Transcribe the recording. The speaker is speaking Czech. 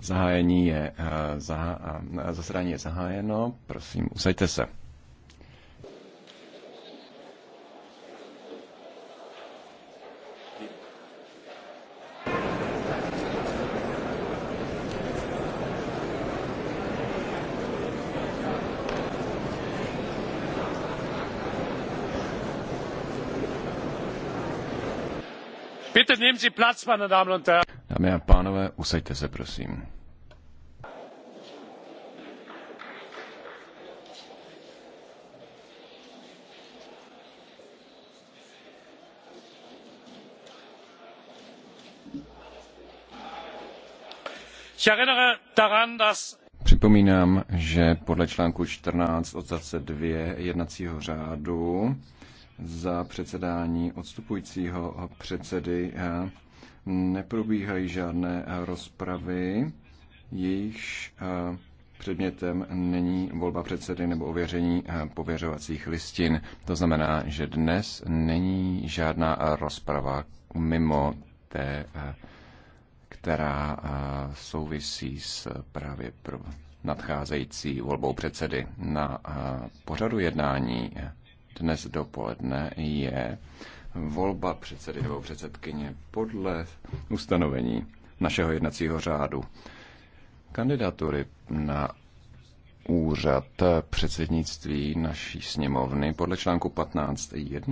Zahájení je, eh, zah, zasedání je zahájeno, prosím, usaďte se. Bitte nehmen Sie Platz, meine Damen und Herren. Dámy a pánové, usaďte se, prosím. Připomínám, že podle článku 14 odstavce 2 jednacího řádu za předsedání odstupujícího předsedy neprobíhají žádné rozpravy, jejichž eh, předmětem není volba předsedy nebo ověření eh, pověřovacích listin. To znamená, že dnes není žádná rozprava mimo té, eh, která souvisí s právě nadcházející volbou předsedy na pořadu jednání dnes dopoledne je volba předsedy nebo předsedkyně podle ustanovení našeho jednacího řádu. Kandidatury na úřad předsednictví naší sněmovny podle článku 15.1